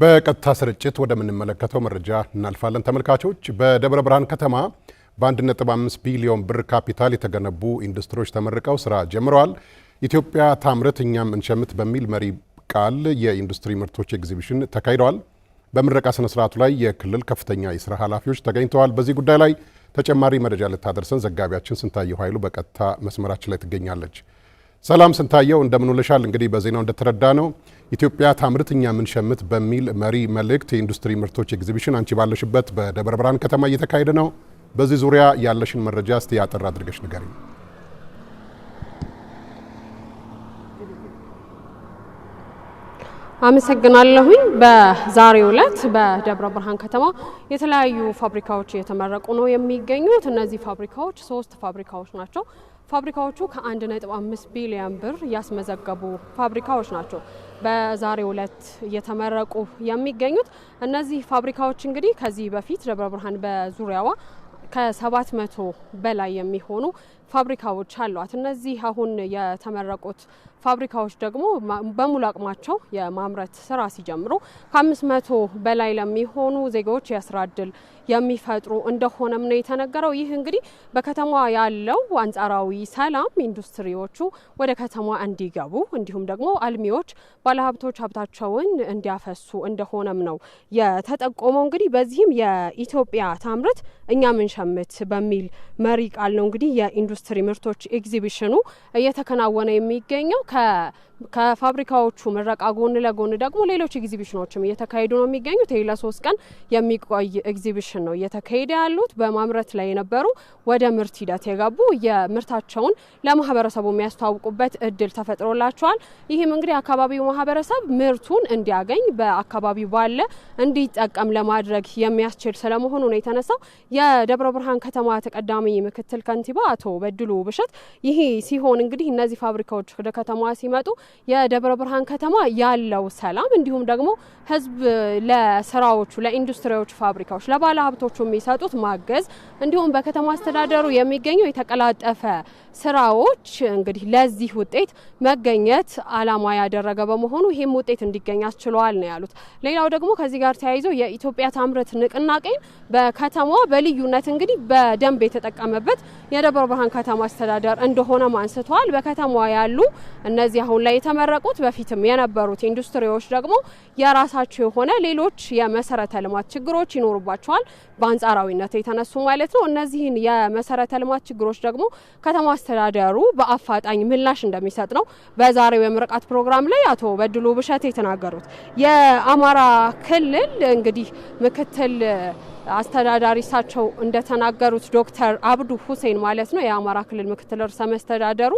በቀጥታ ስርጭት ወደምንመለከተው መረጃ እናልፋለን ተመልካቾች። በደብረ ብርሃን ከተማ በ1.5 ቢሊዮን ብር ካፒታል የተገነቡ ኢንዱስትሪዎች ተመርቀው ስራ ጀምረዋል። ኢትዮጵያ ታምርት እኛም እንሸምት በሚል መሪ ቃል የኢንዱስትሪ ምርቶች ኤግዚቢሽን ተካሂደዋል። በምረቃ ስነ ስርዓቱ ላይ የክልል ከፍተኛ የስራ ኃላፊዎች ተገኝተዋል። በዚህ ጉዳይ ላይ ተጨማሪ መረጃ ልታደርሰን ዘጋቢያችን ስንታየው ኃይሉ በቀጥታ መስመራችን ላይ ትገኛለች። ሰላም ስንታየው እንደምንውለሻል። እንግዲህ በዜናው እንደተረዳ ነው ኢትዮጵያ ታምርት እኛ ምንሸምት በሚል መሪ መልእክት የኢንዱስትሪ ምርቶች ኤግዚቢሽን አንቺ ባለሽበት በደብረ ብርሃን ከተማ እየተካሄደ ነው። በዚህ ዙሪያ ያለሽን መረጃ እስቲ ያጠር አድርገሽ ንገሪ። አመሰግናለሁኝ። በዛሬው ዕለት በደብረ ብርሃን ከተማ የተለያዩ ፋብሪካዎች እየተመረቁ ነው የሚገኙት። እነዚህ ፋብሪካዎች ሶስት ፋብሪካዎች ናቸው። ፋብሪካዎቹ ከ1.5 ቢሊዮን ብር ያስመዘገቡ ፋብሪካዎች ናቸው በዛሬው ዕለት እየተመረቁ የሚገኙት። እነዚህ ፋብሪካዎች እንግዲህ ከዚህ በፊት ደብረ ብርሃን በዙሪያዋ ከሰባት 700 በላይ የሚሆኑ ፋብሪካዎች አሏት። እነዚህ አሁን የተመረቁት ፋብሪካዎች ደግሞ በሙሉ አቅማቸው የማምረት ስራ ሲጀምሩ ከአምስት መቶ በላይ ለሚሆኑ ዜጋዎች የስራ እድል የሚፈጥሩ እንደሆነም ነው የተነገረው። ይህ እንግዲህ በከተማ ያለው አንጻራዊ ሰላም ኢንዱስትሪዎቹ ወደ ከተማ እንዲገቡ እንዲሁም ደግሞ አልሚዎች፣ ባለሀብቶች ሀብታቸውን እንዲያፈሱ እንደሆነም ነው የተጠቆመው። እንግዲህ በዚህም የኢትዮጵያ ታምርት እኛ ምንሸምት በሚል መሪ ቃል ነው እንግዲህ ኢንዱስትሪ ምርቶች ኤግዚቢሽኑ እየተከናወነ የሚገኘው ከ ከፋብሪካዎቹ ምረቃ ጎን ለጎን ደግሞ ሌሎች ኤግዚቢሽኖችም እየተካሄዱ ነው የሚገኙት። ይህ ለሶስት ቀን የሚቆይ ኤግዚቢሽን ነው እየተካሄደ ያሉት በማምረት ላይ የነበሩ ወደ ምርት ሂደት የገቡ የምርታቸውን ለማህበረሰቡ የሚያስተዋውቁበት እድል ተፈጥሮላቸዋል። ይህም እንግዲህ አካባቢው ማህበረሰብ ምርቱን እንዲያገኝ በአካባቢው ባለ እንዲጠቀም ለማድረግ የሚያስችል ስለመሆኑ ነው የተነሳው። የደብረ ብርሃን ከተማ ተቀዳሚ ምክትል ከንቲባ አቶ በድሉ ብሸት ይሄ ሲሆን እንግዲህ እነዚህ ፋብሪካዎች ወደ ከተማ ሲመጡ የደብረ ብርሃን ከተማ ያለው ሰላም እንዲሁም ደግሞ ህዝብ ለስራዎቹ፣ ለኢንዱስትሪዎቹ፣ ፋብሪካዎች፣ ለባለ ሀብቶቹ የሚሰጡት ማገዝ እንዲሁም በከተማ አስተዳደሩ የሚገኙ የተቀላጠፈ ስራዎች እንግዲህ ለዚህ ውጤት መገኘት አላማ ያደረገ በመሆኑ ይህም ውጤት እንዲገኝ አስችለዋል ነው ያሉት። ሌላው ደግሞ ከዚህ ጋር ተያይዞ የኢትዮጵያ ታምረት ንቅናቄን በከተማ በልዩነት እንግዲህ በደንብ የተጠቀመበት የደብረ ብርሃን ከተማ አስተዳደር እንደሆነም አንስተዋል። በከተማ ያሉ እነዚህ አሁን ላይ የተመረቁት በፊትም የነበሩት ኢንዱስትሪዎች ደግሞ የራሳቸው የሆነ ሌሎች የመሰረተ ልማት ችግሮች ይኖሩባቸዋል በአንጻራዊነት የተነሱ ማለት ነው። እነዚህን የመሰረተ ልማት ችግሮች ደግሞ ከተማ አስተዳደሩ በአፋጣኝ ምላሽ እንደሚሰጥ ነው በዛሬው የምርቃት ፕሮግራም ላይ አቶ በድሉ ብሸት የተናገሩት። የአማራ ክልል እንግዲህ ምክትል አስተዳዳሪ እሳቸው እንደተናገሩት ዶክተር አብዱ ሁሴን ማለት ነው የአማራ ክልል ምክትል ርዕሰ መስተዳደሩ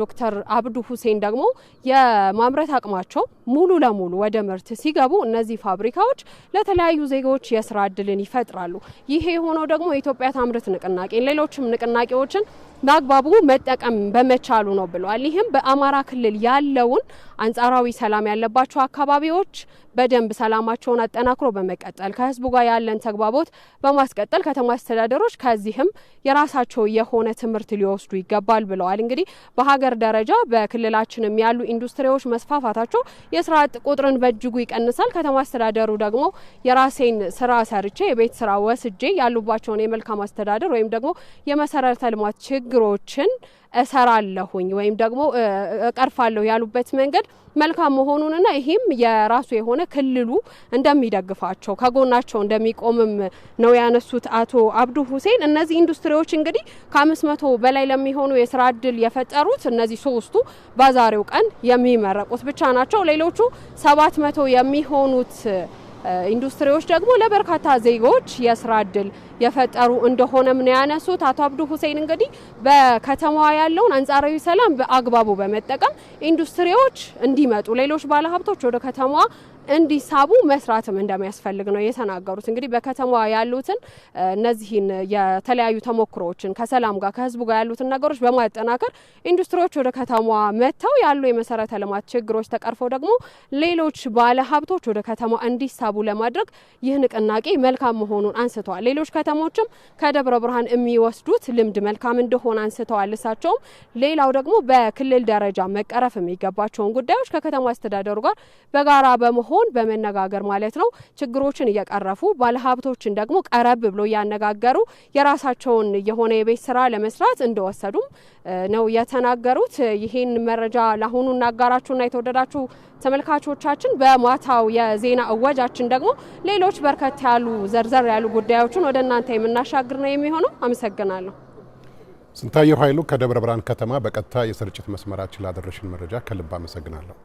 ዶክተር አብዱ ሁሴን ደግሞ የማምረት አቅማቸው ሙሉ ለሙሉ ወደ ምርት ሲገቡ እነዚህ ፋብሪካዎች ለተለያዩ ዜጎች የስራ እድልን ይፈጥራሉ። ይሄ የሆነው ደግሞ የኢትዮጵያ ታምርት ንቅናቄ ሌሎችም ንቅናቄዎችን በአግባቡ መጠቀም በመቻሉ ነው ብለዋል። ይህም በአማራ ክልል ያለውን አንጻራዊ ሰላም ያለባቸው አካባቢዎች በደንብ ሰላማቸውን አጠናክሮ በመቀጠል ከህዝቡ ጋር ያለን ተግባቦት በማስቀጠል ከተማ አስተዳደሮች ከዚህም የራሳቸው የሆነ ትምህርት ሊወስዱ ይገባል ብለዋል። እንግዲህ በሀገር ደረጃ በክልላችንም ያሉ ኢንዱስትሪዎች መስፋፋታቸው የስራ አጥ ቁጥርን በእጅጉ ይቀንሳል። ከተማ አስተዳደሩ ደግሞ የራሴን ስራ ሰርቼ የቤት ስራ ወስጄ ያሉባቸውን የመልካም አስተዳደር ወይም ደግሞ የመሰረተ ልማት ችግሮችን እሰራለሁኝ ወይም ደግሞ እቀርፋለሁ ያሉበት መንገድ መልካም መሆኑንና ይህም የራሱ የሆነ ክልሉ እንደሚደግፋቸው ከጎናቸው እንደሚቆምም ነው ያነሱት አቶ አብዱ ሁሴን። እነዚህ ኢንዱስትሪዎች እንግዲህ ከአምስት መቶ በላይ ለሚሆኑ የስራ እድል የፈጠሩት እነዚህ ሶስቱ በዛሬው ቀን የሚመረቁት ብቻ ናቸው። ሌሎቹ ሰባት መቶ የሚሆኑት ኢንዱስትሪዎች ደግሞ ለበርካታ ዜጎች የስራ እድል የፈጠሩ እንደሆነም ነው ያነሱት። አቶ አብዱ ሁሴን እንግዲህ በከተማዋ ያለውን አንጻራዊ ሰላም በአግባቡ በመጠቀም ኢንዱስትሪዎች እንዲመጡ፣ ሌሎች ባለሀብቶች ወደ ከተማዋ እንዲሳቡ መስራትም እንደሚያስፈልግ ነው የተናገሩት። እንግዲህ በከተማዋ ያሉትን እነዚህን የተለያዩ ተሞክሮዎችን ከሰላም ጋር ከህዝቡ ጋር ያሉትን ነገሮች በማጠናከር ኢንዱስትሪዎች ወደ ከተማዋ መጥተው ያሉ የመሰረተ ልማት ችግሮች ተቀርፈው ደግሞ ሌሎች ባለሀብቶች ወደ ከተማ እንዲሳቡ እንዲጋቡ ለማድረግ ይህ ንቅናቄ መልካም መሆኑን አንስተዋል። ሌሎች ከተሞችም ከደብረ ብርሃን የሚወስዱት ልምድ መልካም እንደሆነ አንስተዋል። እሳቸውም ሌላው ደግሞ በክልል ደረጃ መቀረፍ የሚገባቸውን ጉዳዮች ከከተማ አስተዳደሩ ጋር በጋራ በመሆን በመነጋገር ማለት ነው ችግሮችን እየቀረፉ ባለሀብቶችን ደግሞ ቀረብ ብሎ እያነጋገሩ የራሳቸውን የሆነ የቤት ስራ ለመስራት እንደወሰዱም ነው የተናገሩት። ይህን መረጃ ለአሁኑ እናጋራችሁና የተወደዳችሁ ተመልካቾቻችን በማታው የዜና እወጃችን ደግሞ ሌሎች በርከት ያሉ ዘርዘር ያሉ ጉዳዮችን ወደ እናንተ የምናሻግር ነው የሚሆነው። አመሰግናለሁ። ስንታየሁ ኃይሉ ከደብረ ብርሃን ከተማ በቀጥታ የስርጭት መስመራችን ላደረሽን መረጃ ከልብ አመሰግናለሁ።